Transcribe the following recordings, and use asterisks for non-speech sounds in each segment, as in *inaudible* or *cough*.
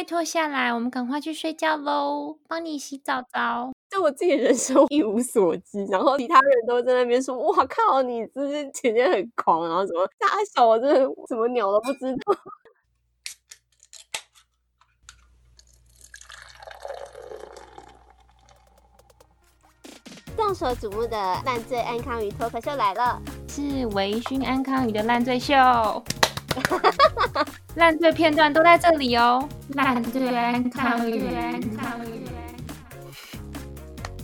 拜託下來，我們趕快去睡覺嘍！幫你洗澡澡。對我自己人生一無所知，然後其他人都在那邊說：“哇靠，你這是天天很狂，然後怎麼？”大家笑我，真的什麼鳥都不知道。眾所矚目的爛醉安康魚脫殼秀來了，是微醺安康魚的爛醉秀。 *laughs* 爛醉片段都在這裡哦！爛醉康源康源，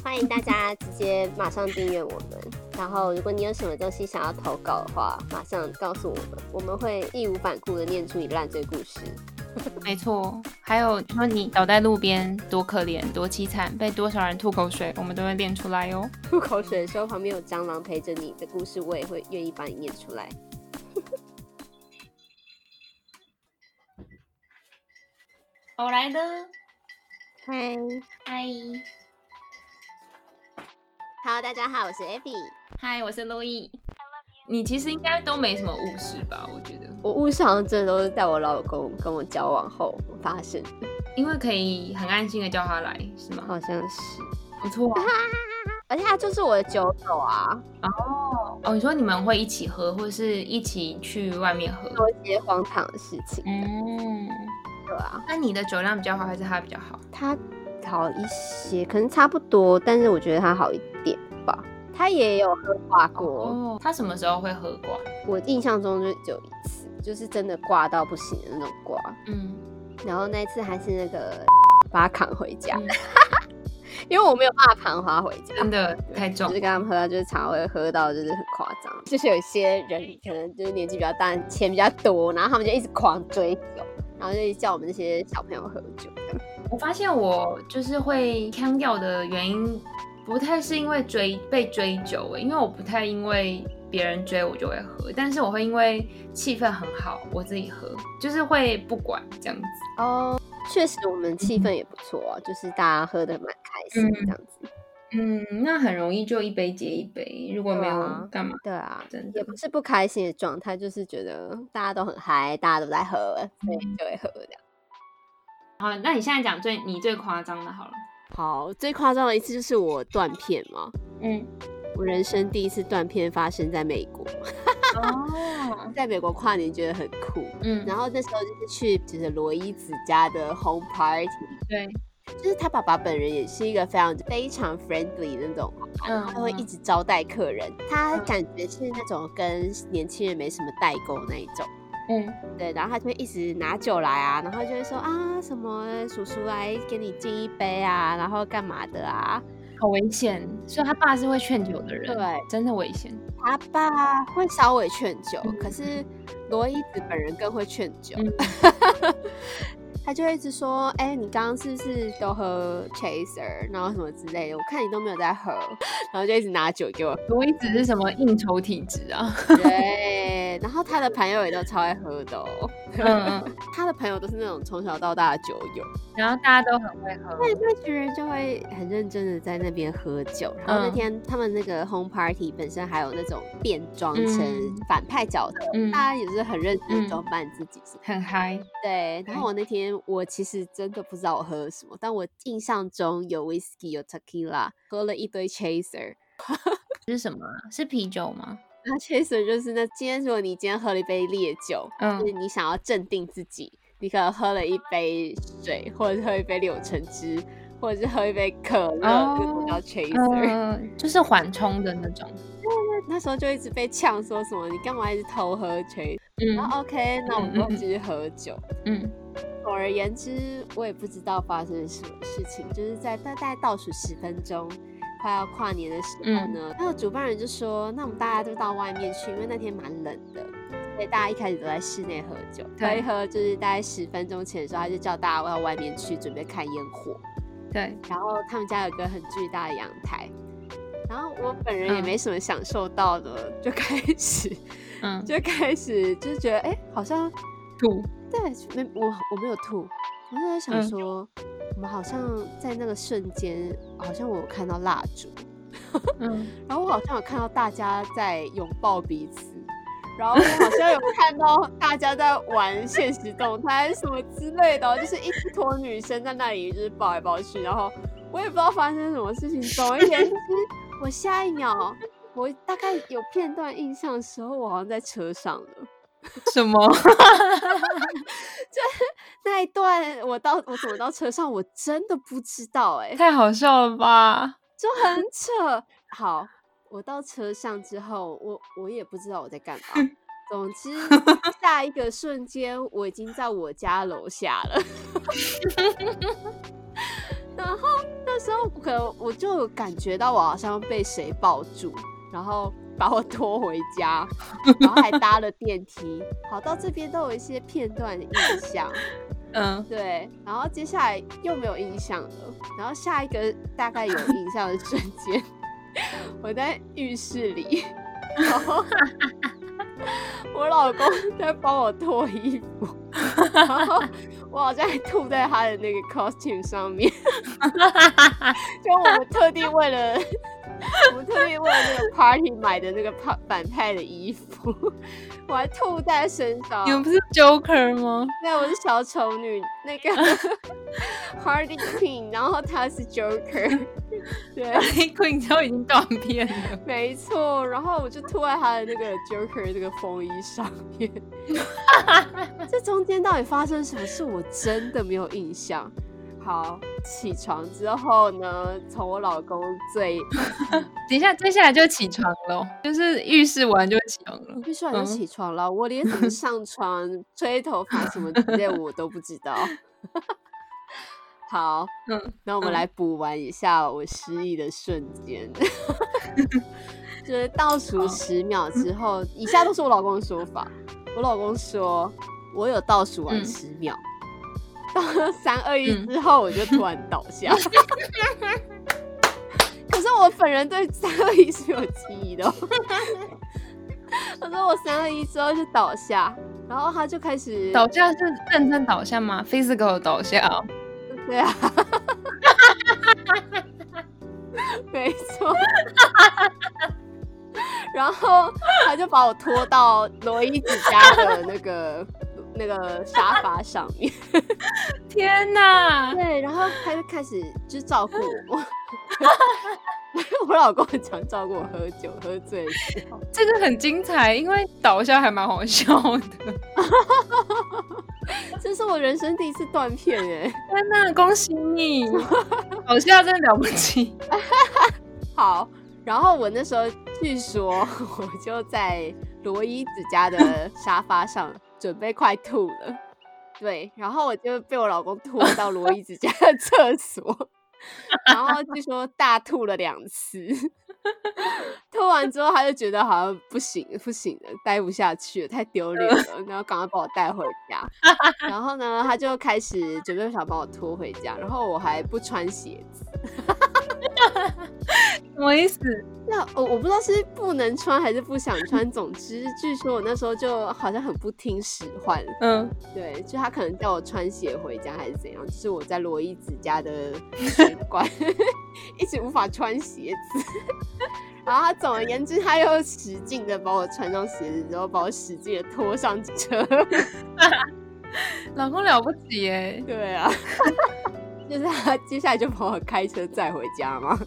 歡迎大家直接馬上訂閱我們。 *laughs* 然後，如果你有什麼東西想要投稿的話，馬上告訴我們，我們會義無反顧的念出你爛醉故事。沒錯，還有說你倒在路邊多可憐多淒慘，被多少人吐口水，我們都會念出來哦。吐口水的時候旁邊有蟑螂陪着你的故事，我也會願意幫你念出來。我來了，嗨嗨，好，大家好，我是 Effy，嗨，我是路易。你其實應該都沒什麼誤事吧？我覺得我誤事好像真的都是在我老公跟我交往後發生，因為可以很安心的叫他來，是嗎？好像是，不錯、啊、 *laughs* 而且他就是我的酒友啊。哦哦，你說你們會一起喝，或者是一起去外面喝，做一些荒唐的事情的？嗯。對啊，那、啊、你的酒量比較好還是他比較好？他好一些，可能差不多，但是我覺得他好一點吧。他也有喝掛過，oh, oh. 他什麼時候會喝掛？我印象中就只有一次，就是真的掛到不行的那種掛。嗯，然後那次還是那個把他扛回家，嗯、 *laughs* 因為我沒有辦法扛他回家，真的太重。就是跟他們喝，就是常,常會喝到就是很誇張。就是有些人可能就是年紀比較大，錢比較多，然後他們就一直狂追酒。然後就叫我們這些小朋友喝酒。我發現我就是會腔調的原因，不太是因為追被追酒，欸，因為我不太因為別人追我就會喝，但是我會因為氣氛很好，我自己喝，就是會不管這樣子。哦，確實我們氣氛也不錯，喔嗯、就是大家喝得蠻開心這樣子。嗯嗯，那很容易就一杯接一杯，如果沒有幹嘛。對啊真的，也不是不開心的狀態，就是覺得大家都很嗨，大家都在喝了、嗯，所以就會喝了這樣。好，那你現在講最你最誇張的，好了。好，最誇張的一次就是我斷片嘛。嗯，我人生第一次斷片發生在美國。 *laughs* 哦。在美國跨年覺得很酷。嗯。然後這時候就是去就是羅伊子家的 home party。對。就是他爸爸本人也是一個非常非常 friendly 的那種，嗯、他會一直招待客人，嗯、他感覺是那種跟年輕人沒什麼代溝那一種，嗯，對，然後他就會一直拿酒來啊，然後就會說啊，什麼叔叔來給你敬一杯啊，然後幹嘛的啊。好危險，所以他爸是會勸酒的人，對，真的危險。他爸會稍微勸酒，嗯，可是羅伊子本人更會勸酒。嗯 *laughs* 他就一直說：“哎、欸，你剛剛是不是都喝 Chaser，然後什麼之類的？我看你都沒有在喝，然後就一直拿酒給我。我一直是什麼應酬體質啊？” *laughs* 對然後他的朋友也都超愛喝的哦 *laughs* *laughs* *laughs* 他的朋友都是那種從小到大的酒友， *laughs* 然後大家都很會喝，對，那群人就會很認真的在那邊喝酒。 *laughs* 然後那天他們那個 home party 本身還有那種變裝成反派角色，大家也是很認真裝扮自己、嗯，嗯、很嗨。對，然後我那天我其實真的不知道我喝了什麼，但我印象中有 whiskey 有 tequila，喝了一堆 chaser，是什麼、啊？是啤酒嗎？那 chaser 就是那，今天如果你今天喝了一杯烈酒，嗯，就是、你想要鎮定自己，你可能喝了一杯水，或者是喝一杯柳橙汁，或者是喝一杯可樂、哦，就是、叫 chaser，、呃、就是緩衝的那種那。那時候就一直被嗆，說什麼你幹嘛一直偷喝 chaser？那、嗯啊、OK，那我們就繼續喝酒嗯嗯。嗯，總而言之，我也不知道發生什麼事情，就是在大概倒數十分鐘。快要跨年的時候呢，那、嗯、個主辦人就說：“那我們大家都到外面去，因為那天蠻冷的，所以大家一開始都在室內喝酒。對，一喝。就是大概十分鐘前的時候，他就叫大家到外面去準備看煙火。對，然後他們家有個很巨大的陽台，然後我本人也沒什麼享受到的，嗯、就開始，嗯，就開始就覺得，哎、欸，好像吐，對，沒，我我沒有吐，我就在想說。嗯”好像在那個瞬間，好像我有看到蠟燭、嗯，然後我好像有看到大家在擁抱彼此，然後好像有看到大家在玩現實動態什麼之類的，就是一坨女生在那裡一直抱來抱去，然後我也不知道發生什麼事情。總而言之，我下一秒，我大概有片段印象的時候，我好像在車上了。 *laughs* 什麼？ *laughs* 就那一段，我到我走到車上，我真的不知道哎、欸，太好笑了吧？就很扯。好，我到車上之後，我我也不知道我在幹嘛。 *laughs* 總之，下一個瞬間我已經在我家樓下了， *laughs* *laughs* *laughs* 然後那時候可能我就感覺到我好像被誰抱住。然後把我拖回家，然後還搭了電梯。 *laughs* 好，到這邊都有一些片段的印象，嗯、uh.，對。然後接下來又沒有印象了。然後下一個大概有印象的瞬間， *laughs* 我在浴室裡，然後我老公在幫我脫衣服然後，我好像還吐在他的那個 costume 上面， *laughs* *laughs* 就我們特地為了。我特意為了那個 party 買的那個派反派的衣服，我還吐在身上。你們不是 Joker 嗎？對，我是小丑女，那個 Harley Quinn，然後他是 Joker 對。對，Harley Quinn 都已經斷片了。沒錯，然後我就吐在她的那個 Joker 這個風衣上面。 *laughs* *laughs* 這中間到底發生什麼事？是我真的沒有印象。好，起床之後呢？從我老公最…… *laughs* 等一下，接下來就起床嘍，就是浴室完就起床了。浴室完就起床了、嗯，我連怎麼上床、 *laughs* 吹頭髮什麼之類，我都不知道。 *laughs* 好、嗯，那我們來補完一下我失憶的瞬間， *laughs* 就是倒數十秒之後，以下都是我老公說法。我老公說，我有倒數完十秒。嗯到了三二一之後，我就突然倒下、嗯。 *laughs* *laughs* 可是我本人對三二一是有記憶的、喔。 *laughs* 他說我三二一之後就倒下，然後他就開始，倒下就是真正倒下嗎？Physical 倒下、哦，對啊， *laughs* *laughs* *laughs* 沒錯錯。 *laughs* 然後他就把我拖到羅伊子家的那個。那個沙發上面，啊啊 *laughs* 天哪！對，然後他就開始就是，照顧我， *laughs* 我老公很常照顧我喝酒喝醉。這個很精彩，因為倒下還蠻好笑的。 *laughs* 這是我人生第一次斷片哎！天哪，恭喜你， *laughs* 好笑真的了不起。 *laughs* 好，然後我那時候據說我就在羅伊子家的沙發上。 *laughs* 準備快吐了，對，然後我就被我老公拖到羅伊子家的廁所， *laughs* 然後據說大吐了兩次，吐完之後他就覺得好像不行不行了，待不下去了，太丟臉了，然後趕快把我帶回家，然後呢他就開始準備想幫我拖回家，然後我還不穿鞋子。 *laughs* 什麼意思？那我我不知道是不能穿還是不想穿。總之，據說我那時候就好像很不聽使喚。嗯，對，就他可能叫我穿鞋回家還是怎樣？就是我在羅伊子家的習慣， *laughs* 一直無法穿鞋子。然後他總而言之，他又使勁的把我穿上鞋子，之後把我使勁的拖上車。 *laughs* 老公了不起耶、欸！對啊。 *laughs* 就是他接下來就把我開車載回家嗎？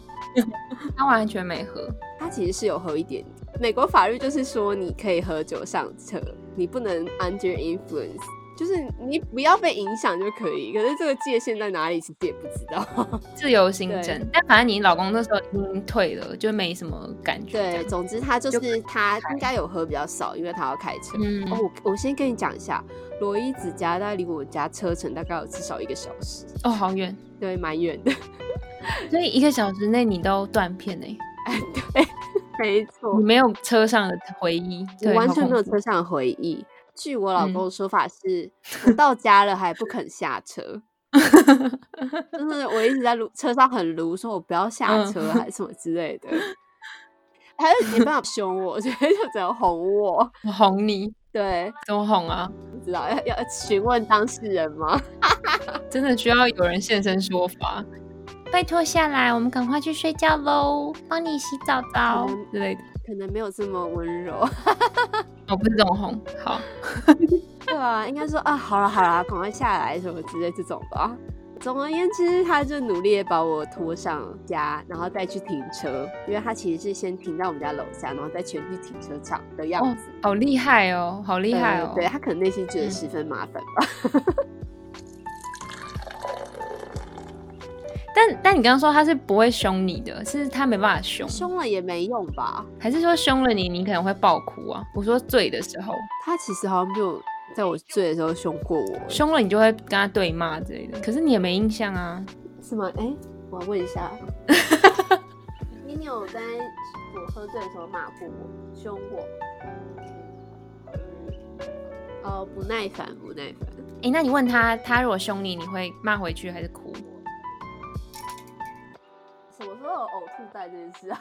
*laughs* 他完全沒喝，他其實是有喝一點點。美國法律，就是說，你可以喝酒上車，你不能 under influence。就是你不要被影響就可以，可是這個界限在哪裡？其實也不知道。自由心證，但反正你老公那時候已經退了，嗯、就沒什麼感覺。對，總之他就是他應該有喝比較少，因為他要開車。嗯哦，我我先跟你講一下，羅伊子家大概離我家車程大概有至少一個小時。哦，好遠。對，蠻遠的。所以一個小時內你都斷片嘞、欸？哎，對，沒錯，你沒有車上的回憶，對完全沒有車上的回憶對，完全沒有車上的回憶。據我老公的說法是，嗯、到家了還不肯下車，真的，我一直在路上車上很魯，說我不要下車，還是什麼之類的，嗯、 *laughs* 他就沒辦法凶我，所以就只能哄我，我哄你，對，怎麼哄啊？不知道要要詢問當事人嗎？ *laughs* 真的需要有人現身說法，拜托下來，我們趕快去睡覺嘍，幫你洗澡澡之類的，可能沒有這麼溫柔。 *laughs* 我不是這種哄，好， *laughs* 對啊，應該說啊，好了好了，趕快下來什麼之類這種吧。總而言之，他就努力的把我拖上家，嗯，然後再去停車，因為他其實是先停到我們家樓下，然後再前去停車場的樣子。哦、好厲害哦，好厲害哦！對，對他可能內心覺得十分麻煩吧。嗯但但你剛剛說他是不會凶你的，是他沒辦法凶，凶了也沒用吧？還是說凶了你，你可能會爆哭啊？我說醉的時候，他其實好像就在我醉的時候凶過我，凶了你就會跟他對罵之類的。可是你也沒印象啊？是嗎？哎，我問一下， *laughs* 你，你有在我喝醉的時候罵過我、凶過、嗯？哦，不耐煩，不耐煩。哎，那你問他，他如果凶你，你會罵回去還是哭？哦，嘔吐袋這件事啊，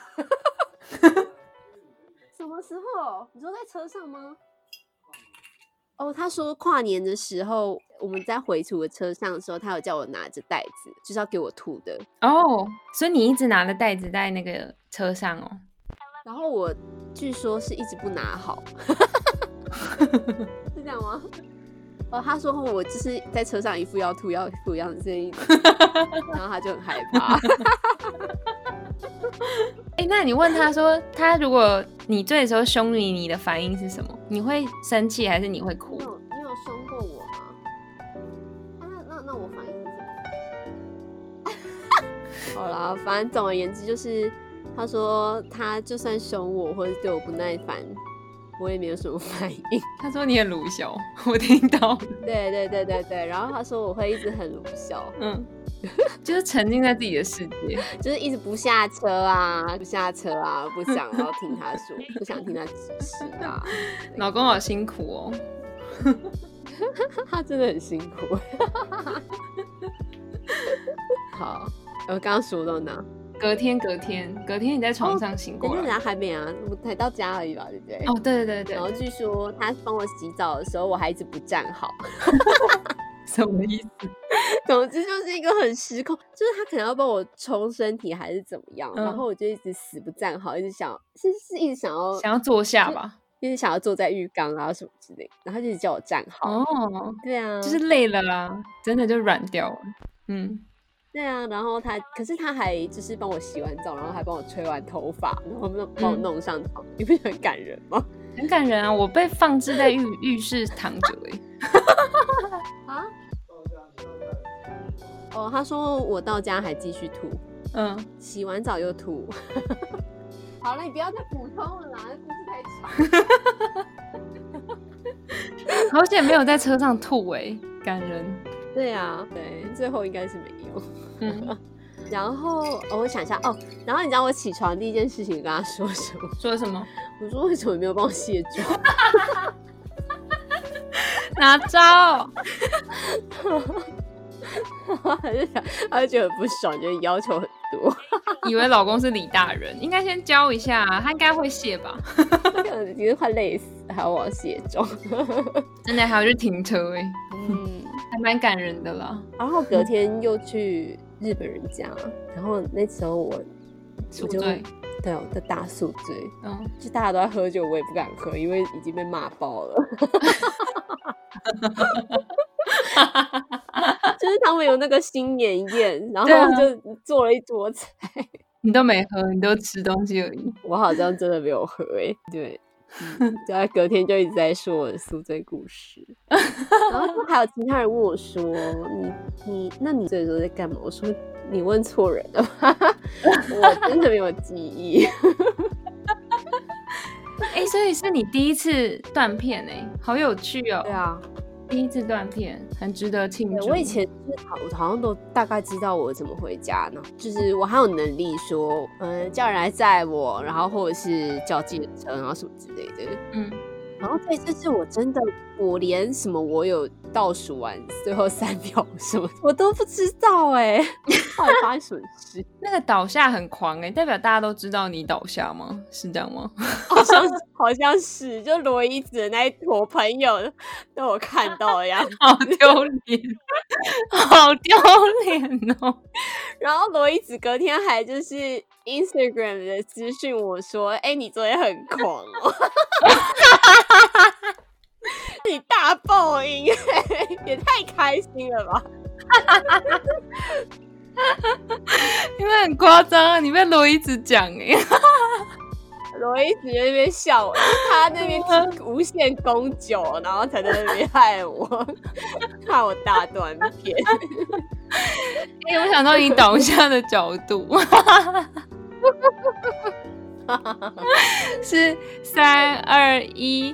*laughs* *laughs* 什麼時候？你說在車上嗎？哦，他說跨年的時候，我們在回途的車上的時候，他有叫我拿着袋子，就是要給我吐的。哦，所以你一直拿着袋子在那個車上哦。然後我據說是一直不拿好， *laughs* *laughs* 是這樣嗎？哦，他說我就是在車上一副要吐要吐一,一樣的聲音， *laughs* 然後他就很害怕。 *laughs* *laughs* 哎、 *laughs* 欸，那你問他說，他如果你醉的時候凶你，你的反應是什麼？你會生氣還是你會哭？你有，你有凶過我嗎？啊、那那那我反應是什麼？ *laughs* *laughs* 好啦，反正總而言之就是，他說他就算凶我或者對我不耐煩，我也沒有什麼反應。他說你很盧小，我聽到。 *laughs* 對，對對對對對，然後他說我會一直很盧小。嗯。就是沉浸在自己的世界，就是一直不下車啊，不下車啊，不想要聽他說， *laughs* 不想聽他指示啊。老公好辛苦哦， *laughs* 他真的很辛苦。 *laughs* 好，我剛剛說到哪呢？隔天隔天隔天，你在床上醒過來，哦、還沒啊，我才到家而已吧，對不對？哦，對對對對。然後據說他幫我洗澡的時候，我還一直不站好。 *laughs* 什麼意思、嗯？總之就是一個很失控，就是他可能要幫我沖身體還是怎麼樣、嗯，然後我就一直死不站好，一直想是是，是，是一直想要想要坐下吧，一直想要坐在浴缸啊什麼之類，然後他就一直叫我站好。哦，對啊，就是累了啦，真的就軟掉了。嗯，對啊，然後他可是他還就是幫我洗完澡，然後還幫我吹完頭髮，然後幫我弄上床、嗯，你不是很感人嗎？很感人啊！我被放置在浴浴室躺着了 *laughs* 啊,哦、啊,啊,啊,啊！哦，他說我到家還繼續吐，嗯，洗完澡又吐。 *laughs* 好了，你不要再補充了嘛，這故事太長 *laughs* 好險沒有在車上吐哎、欸，感人。對啊，對，最後應該是沒有、 *laughs* 嗯、然後、哦、我想一下哦，然後你知道我起床第一件事情跟他說什麼？說什麼？我說為什麼沒有幫我卸妝？ *laughs* 拿招？ *laughs* 我還是想，他就覺得很不爽，覺得要求很多。 *laughs* 以為老公是李大人，應該先教一下，他應該會卸吧。 *laughs* 其實 lace，還卸 *laughs* 真的，今天快累死，還要我卸妝。真的，還有就停車、欸。哎，嗯，還蠻感人的啦。然後隔天又去日本人家，嗯、然後那時候我，我就。對、哦，我的大宿醉，嗯，就大家都在喝酒，我也不敢喝，因為已經被罵爆了。 *laughs* *laughs* *laughs* *laughs* 就是他們有那個新年宴，然後就做了一桌菜，啊、 *laughs* *laughs* *laughs* 你都沒喝，你都吃東西而已。 *laughs* 我好像真的沒有喝，欸，哎，對。就在 *laughs* *laughs* *laughs* *laughs* 隔天就一直在說我的宿醉故事， *laughs* *laughs* 然後就還有其他人問我說：“你你那你那時候在幹嘛？”我說。你問錯人了哈 *laughs* 我真的沒有記憶、 *laughs* *laughs* 欸。所以是你第一次斷片哎、欸，好有趣哦、喔！對啊，第一次斷片，很值得慶祝。我以前好，我好像都大概知道我怎麼回家呢，就是我還有能力說，嗯、呃，叫人來載我，然後或者是叫計程車，然後什麼之類的。嗯，然後所以這次我真的。我連什麼我有倒數完最後三秒什麼我都不知道哎、欸，到 *laughs* 底發生什麼事？ *laughs* 那個倒下很狂哎、欸，代表大家都知道你倒下嗎？是這樣嗎？好像是好像是，就羅伊子那一坨朋友都有看到呀， *laughs* 好丟臉、喔，好丟臉哦。然後羅伊子隔天還就是 Instagram 的資訊我說，哎、欸，你昨天很狂哦、喔。 *laughs* *laughs* 你大報應，也太開心了吧！哈哈哈，因為很誇張、啊，你被羅伊子講哎、欸，羅伊子在那邊笑我，他那邊無限供酒，然後才在那邊害我，怕我大斷片。哎，我想到你倒下的角度，哈哈哈，是三二一。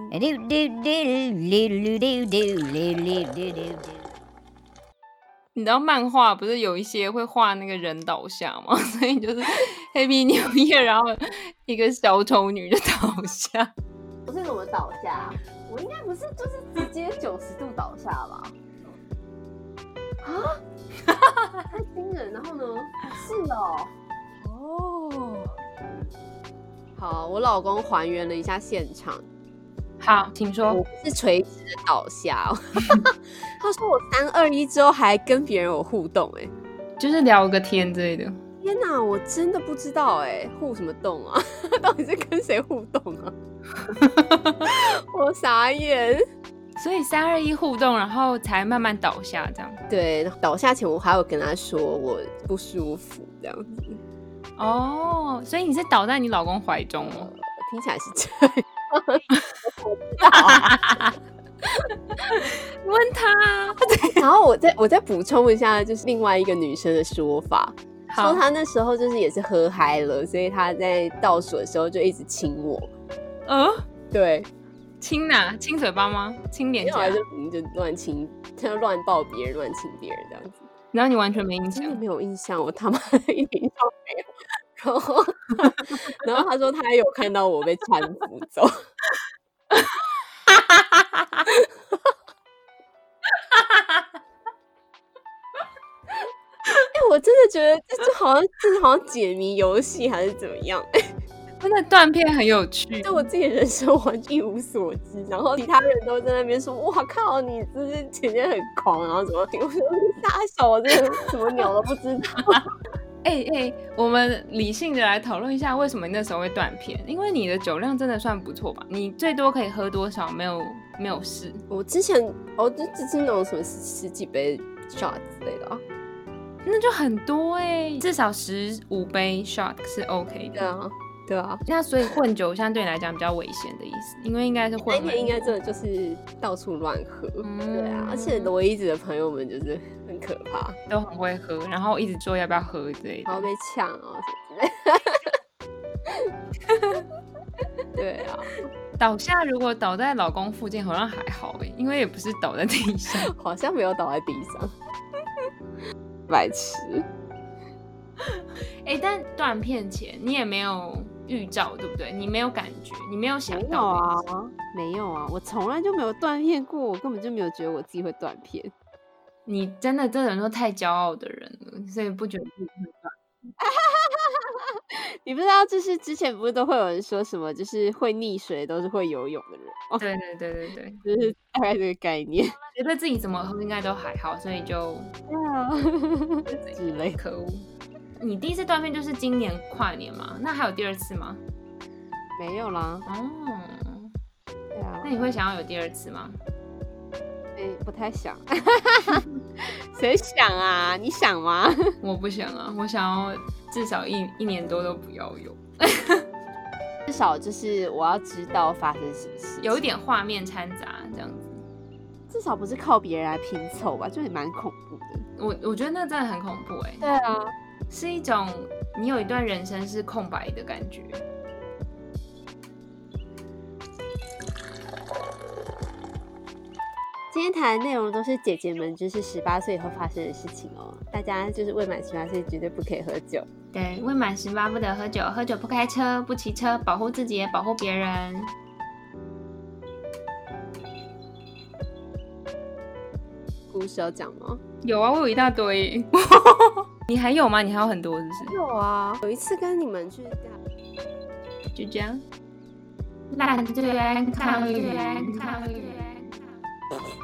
你知道漫畫不是有一些會畫那個人倒下嗎？所以就是 Happy New Year，然後一個小丑女就倒下。不是怎麼倒下？我應該不是，就是直接九十度倒下吧。啊？ *laughs* 太驚人！然後呢？是哦。哦、oh.。好，我老公還原了一下現場。好，請說。我是垂直的倒下。 *laughs* 他說我三二一之後還跟別人有互動，哎，就是聊個天之類的。天哪，我真的不知道，哎，互什麼動啊？到底是跟誰互動啊？ *laughs* 我傻眼。所以三二一互動，然後才慢慢倒下這樣。對，倒下前我還有跟他說我不舒服這樣子。哦，所以你是倒在你老公懷中哦？呃，聽起來是這樣。 *laughs* 知 *laughs* 問他？啊。然後我再我再補充一下，就是另外一個女生的說法，說她那時候就是也是喝嗨了，所以她在倒數的時候就一直親我。嗯、哦，對，親吶、啊，親嘴巴嗎？親臉就就亂親，他亂抱別人，亂親別人這樣子。然後你完全沒印象，沒有印象，我他媽一點然後，然後他說他還有看到我被攙扶走。 *laughs* 哎、 *laughs* 欸，我真的覺得這就好像 *laughs* 這是好像解謎遊戲還是怎麼樣？那斷片很有趣。對 *laughs* 我自己人生我一無所知，然後其他人都在那邊說：“哇靠，你這是前面很狂，然後怎麼、欸？”我說：“大小我這什麼鳥都不知道。 *laughs* ”哎、欸、哎、欸，我們理性的來討論一下，為什麼你那時候會斷片？因為你的酒量真的算不錯吧？你最多可以喝多少？沒有沒有事。我之前，我之之前那種什麼十、十幾杯 shot 之類的啊，那就很多哎、欸，至少十五杯 shot 是 OK 的。對啊，那所以混酒相對你來講比較危險的意思，因為應該是混酒。那、欸、天、欸、應該真的就是到處亂喝。嗯。對啊，而且挪一子的朋友們就是很可怕，都很會喝，然後一直說要不要喝之類，好，好被嗆啊、哦，什麼，哈哈哈，對啊， *laughs* 倒下，如果倒在老公附近好像還好哎、欸，因為也不是倒在地上， *laughs* 好像沒有倒在地上。 *laughs* 白痴。哎、欸，但斷片前你也沒有。預兆對不對？你沒有感覺，你沒有想要。沒有啊，沒有啊，我從來就沒有斷片過，我根本就沒有覺得我自己會斷片。你真的這種都太驕傲的人了，所以不覺得自己會 *laughs* *laughs* 你不知道，就是之前不是都會有人說什麼，就是會溺水都是會游泳的人。對對對對對， *laughs* 就是大概這個概念。覺得自己怎麼應該都還好，所以就，紙 *laughs* 累可惡。你第一次斷片就是今年跨年嘛？那還有第二次嗎？沒有啦。哦，對啊。那你會想要有第二次嗎？哎、嗯，欸，不太想。誰 *laughs* *laughs* 想啊？你想嗎？ *laughs* 我不想啊，我想要至少一一年多都不要有。 *laughs* 至少就是我要知道發生什麼事，有一點畫面摻雜這樣子。至少不是靠別人來拼湊吧？就也蠻恐怖的。我我覺得那真的很恐怖哎、欸。對啊。是一種你有一段人生是空白的感覺。今天談的內容都是姐姐們就是十八歲以後發生的事情哦，大家就是未滿十八歲絕對不可以喝酒。對，未滿十八不得喝酒，喝酒不開車，不騎車，保護自己也保護別人。故事要講嗎？有啊，我有一大堆。 *laughs* 你還有嗎？你還有很多，是不是？有啊，有一次跟你們去，就這樣，爛圈，爛圈，爛圈。